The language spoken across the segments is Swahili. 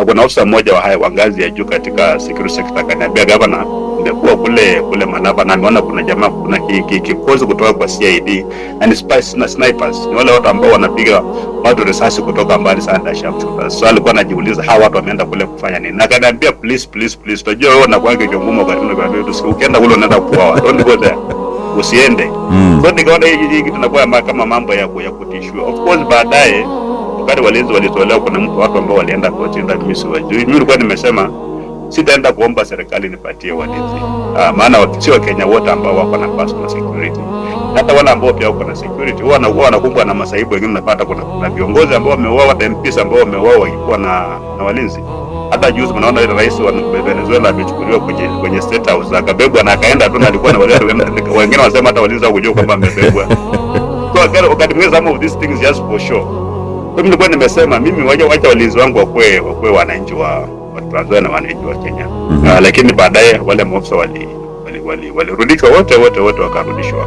na kuna ofisa mmoja wa, wa ngazi ya juu katika security sector akaniambia, gavana, nimekuwa kule kule Malaba na nimeona kuna jamaa kuna kikosi kutoka kwa CID na ni spies na snipers, ni wale watu ambao wanapiga watu risasi kutoka mbali sana na shamshuka. So alikuwa anajiuliza hawa watu wameenda kule kufanya nini, na akaniambia, please please please, unajua wewe unakuwa kiongozi kwa nini? Kwa ukienda kule unaenda kuuawa, don't go there usiende. Mm. So nikaona hii kitu inakuwa kama mambo ya kutishwa. Of course baadaye wakati walinzi walitolewa, kuna mtu watu ambao walienda kuwachinda, mimi siwajui. Mimi nilikuwa nimesema sitaenda kuomba serikali nipatie walinzi ah, maana sio Wakenya wote ambao wako na personal security. Hata wale ambao pia wako na security huwa wanakuwa wanakumbwa na masaibu. Wengine napata kuna kuna viongozi ambao wameuawa na MPs ambao wameuawa wakikuwa na, na walinzi. Hata juzi mnaona ile rais wa Venezuela amechukuliwa kwenye kwenye state house akabebwa na akaenda tu, alikuwa na wale wengine wanasema hata walinzi hawakujua kwamba amebebwa. So again, okay, I got some of these things just for sure. Kwa nilikuwa nimesema mimi waje wacha walinzi wangu wakwe wakwe wananchi wa, wa Tanzania na wananchi wa Kenya. Mm -hmm. Uh, lakini baadaye wale maofisa wali walirudishwa wali, wali wote wote wote wakarudishwa.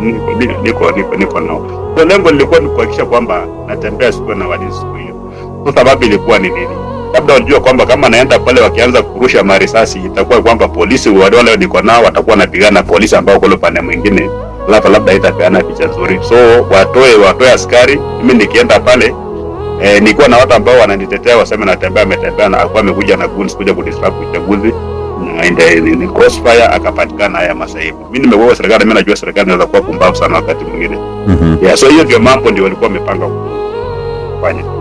Niko niko niko niko nao. Kwa lengo lilikuwa ni kuhakikisha kwamba natembea siku na walinzi siku hiyo. Kwa sababu ilikuwa ni nini? Labda unajua kwamba kama naenda pale wakianza kurusha marisasi itakuwa kwamba polisi wale niko nao watakuwa wanapigana polisi ambao kule upande mwingine alafu labda itapeana picha nzuri, so watoe watoe askari. Mimi nikienda pale e, nikuwa na watu ambao wananitetea waseme natembea ametembea na akuwa amekuja na guns kuja kudisrupt uchaguzi ni crossfire akapatikana haya masaibu. Mimi nimekuwa serikali, mimi najua serikali inaweza kuwa kumbavu sana wakati mwingine mm -hmm. Yeah, so hiyo ndio mambo ndio walikuwa wamepanga kufanya.